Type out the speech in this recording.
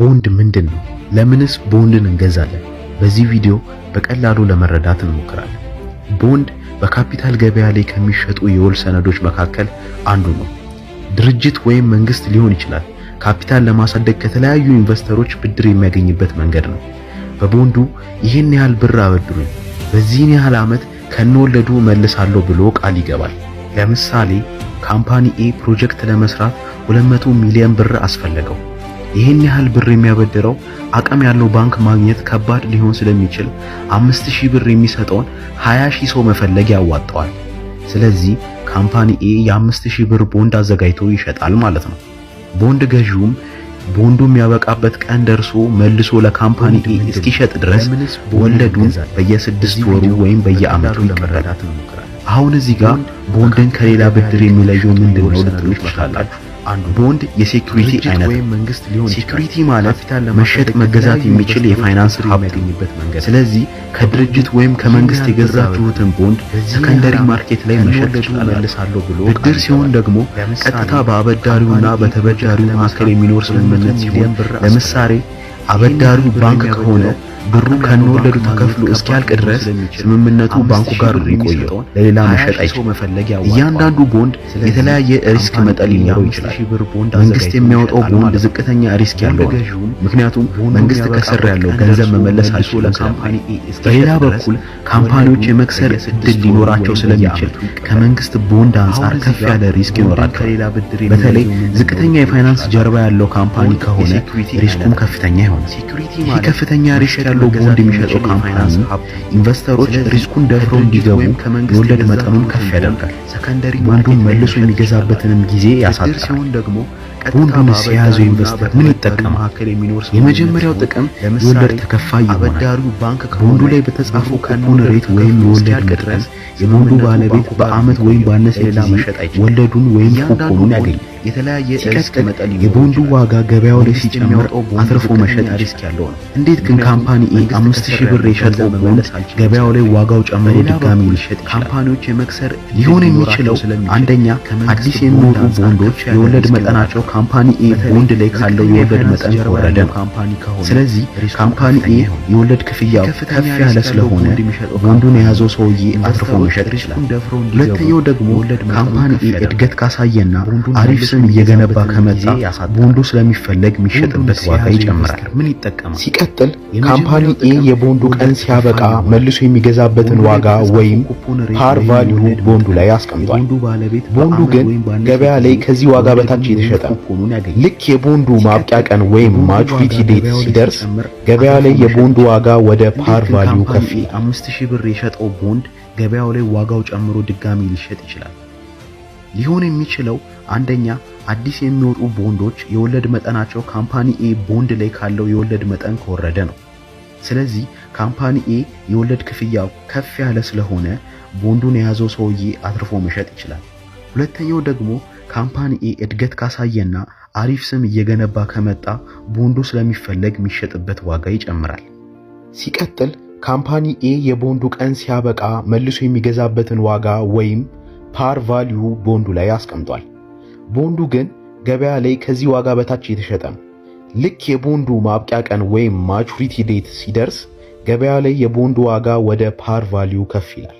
ቦንድ ምንድን ነው? ለምንስ ቦንድን እንገዛለን? በዚህ ቪዲዮ በቀላሉ ለመረዳት እንሞክራለን። ቦንድ በካፒታል ገበያ ላይ ከሚሸጡ የወል ሰነዶች መካከል አንዱ ነው። ድርጅት ወይም መንግስት ሊሆን ይችላል ካፒታል ለማሳደግ ከተለያዩ ኢንቨስተሮች ብድር የሚያገኝበት መንገድ ነው። በቦንዱ ይህን ያህል ብር አበድሩኝ፣ በዚህን ያህል ዓመት ከነወለዱ መልሳለሁ ብሎ ቃል ይገባል። ለምሳሌ ካምፓኒ ኤ ፕሮጀክት ለመስራት 200 ሚሊዮን ብር አስፈለገው። ይህን ያህል ብር የሚያበድረው አቅም ያለው ባንክ ማግኘት ከባድ ሊሆን ስለሚችል 5000 ብር የሚሰጠውን 20000 ሺህ ሰው መፈለግ ያዋጣዋል። ስለዚህ ካምፓኒ ኤ የ ሺህ ብር ቦንድ አዘጋጅቶ ይሸጣል ማለት ነው። ቦንድ ገዢውም ቦንዱ የሚያበቃበት ቀን ደርሶ መልሶ ለካምፓኒ ኤ እስኪሸጥ ድረስ ወለዱን በየስድስት ወሩ ወይም በየዓመቱ ይከፈላል። አሁን እዚህ ጋር ቦንድን ከሌላ ብድር የሚለየው ምንድነው ልትሉ ትችላላችሁ። አንዱ ቦንድ የሴኩሪቲ አይነት ወይም መንግስት ሊሆን ሴኩሪቲ ማለት መሸጥ መገዛት የሚችል የፋይናንስ ሀብት። ስለዚህ ከድርጅት ወይም ከመንግስት የገዛችሁትን ቦንድ ሰከንደሪ ማርኬት ላይ መሸጥ ብሎ ብድር ሲሆን ደግሞ ቀጥታ በአበዳሪውና በተበዳሪው መካከል የሚኖር ስምምነት ሲሆን፣ ለምሳሌ አበዳሪው ባንክ ከሆነ ብሩ ከነወለዱ ተከፍሎ እስኪያልቅ ድረስ ስምምነቱ ባንኩ ጋር ነው የሚቆየው፣ ለሌላ መሸጥ አይችልም። እያንዳንዱ ቦንድ የተለያየ ሪስክ መጠን ሊኖረው ይችላል። መንግስት የሚያወጣው ቦንድ ዝቅተኛ ሪስክ ያለው ነው፣ ምክንያቱም መንግስት ከስር ያለው ገንዘብ መመለስ አይችልም። በሌላ በኩል ካምፓኒዎች የመክሰር እድል ሊኖራቸው ስለሚችል ከመንግስት ቦንድ አንጻር ከፍ ያለ ሪስክ ይኖራቸው። በተለይ ዝቅተኛ የፋይናንስ ጀርባ ያለው ካምፓኒ ከሆነ ሪስኩም ከፍተኛ ይሆናል። ይህ ከፍተኛ ሪስክ ያለው ቦንድ የሚሸጠው ካምፓኒ ኢንቨስተሮች ሪስኩን ደፍረው እንዲገቡ የወለድ መጠኑን ከፍ ያደርጋል። ሰከንደሪ ቦንዱን መልሶ የሚገዛበትንም ጊዜ ደግሞ ቦንዱን የያዘ ኢንቨስተር ምን ይጠቀማል? የመጀመሪያው ጥቅም የወለድ ተከፋይ ይሆናል። ባንክ ቦንዱ ላይ በተጻፈው ኩፖን ሬት ወይም የወለድ መጠን የቦንዱ ባለቤት በአመት ወይም ባነሰ ጊዜ ወለዱን ወይም ኩፖኑን ያገኛል። የተለያየ ሪስክ መጠን የቦንዱ ዋጋ ገበያው ላይ ሲጨምር አትርፎ መሸጥ ሪስክ ያለው ነው። እንዴት ግን ካምፓኒ ኤ 5000 ብር የሸጠው ቦንድ ገበያው ላይ ዋጋው ጨምሮ ድጋሚ ሊሸጥ ይችላል? ካምፓኒዎች የመክሰር ሊሆን የሚችለው አንደኛ አዲስ የሚወጡ ቦንዶች የወለድ መጠናቸው ካምፓኒ ኤ ቦንድ ላይ ካለው የወለድ መጠን ከወረደ ነው። ስለዚህ ካምፓኒ ኤ የወለድ ክፍያው ከፍ ያለ ስለሆነ ቦንዱን የያዘው ሰውዬ አትርፎ መሸጥ ይችላል። ሁለተኛው ደግሞ ካምፓኒ ኤ እድገት ካሳየና አሪፍ ስም እየገነባ ከመጣ ቦንዱ ስለሚፈለግ የሚሸጥበት ዋጋ ይጨምራል። ሲቀጥል ካምፓኒ ኤ የቦንዱ ቀን ሲያበቃ መልሶ የሚገዛበትን ዋጋ ወይም ፓር ቫልዩ ቦንዱ ላይ አስቀምጧል። ቦንዱ ግን ገበያ ላይ ከዚህ ዋጋ በታች የተሸጠ ልክ የቦንዱ ማብቂያ ቀን ወይም ማቹሪቲ ዴት ሲደርስ ገበያ ላይ የቦንዱ ዋጋ ወደ ፓር ቫልዩ ከፍ 5000 ብር የሸጠው ቦንድ ገበያው ላይ ዋጋው ጨምሮ ድጋሚ ሊሸጥ ይችላል። ሊሆን የሚችለው አንደኛ አዲስ የሚወጡ ቦንዶች የወለድ መጠናቸው ካምፓኒ ኤ ቦንድ ላይ ካለው የወለድ መጠን ከወረደ ነው። ስለዚህ ካምፓኒ ኤ የወለድ ክፍያው ከፍ ያለ ስለሆነ ቦንዱን የያዘው ሰውዬ አትርፎ መሸጥ ይችላል። ሁለተኛው ደግሞ ካምፓኒ ኤ እድገት ካሳየና አሪፍ ስም እየገነባ ከመጣ ቦንዱ ስለሚፈለግ የሚሸጥበት ዋጋ ይጨምራል። ሲቀጥል ካምፓኒ ኤ የቦንዱ ቀን ሲያበቃ መልሶ የሚገዛበትን ዋጋ ወይም ፓር ቫሊዩ ቦንዱ ላይ አስቀምጧል። ቦንዱ ግን ገበያ ላይ ከዚህ ዋጋ በታች የተሸጠ ነው። ልክ የቦንዱ ማብቂያ ቀን ወይም ማቹሪቲ ዴት ሲደርስ ገበያ ላይ የቦንዱ ዋጋ ወደ ፓር ቫሊዩ ከፍ ይላል።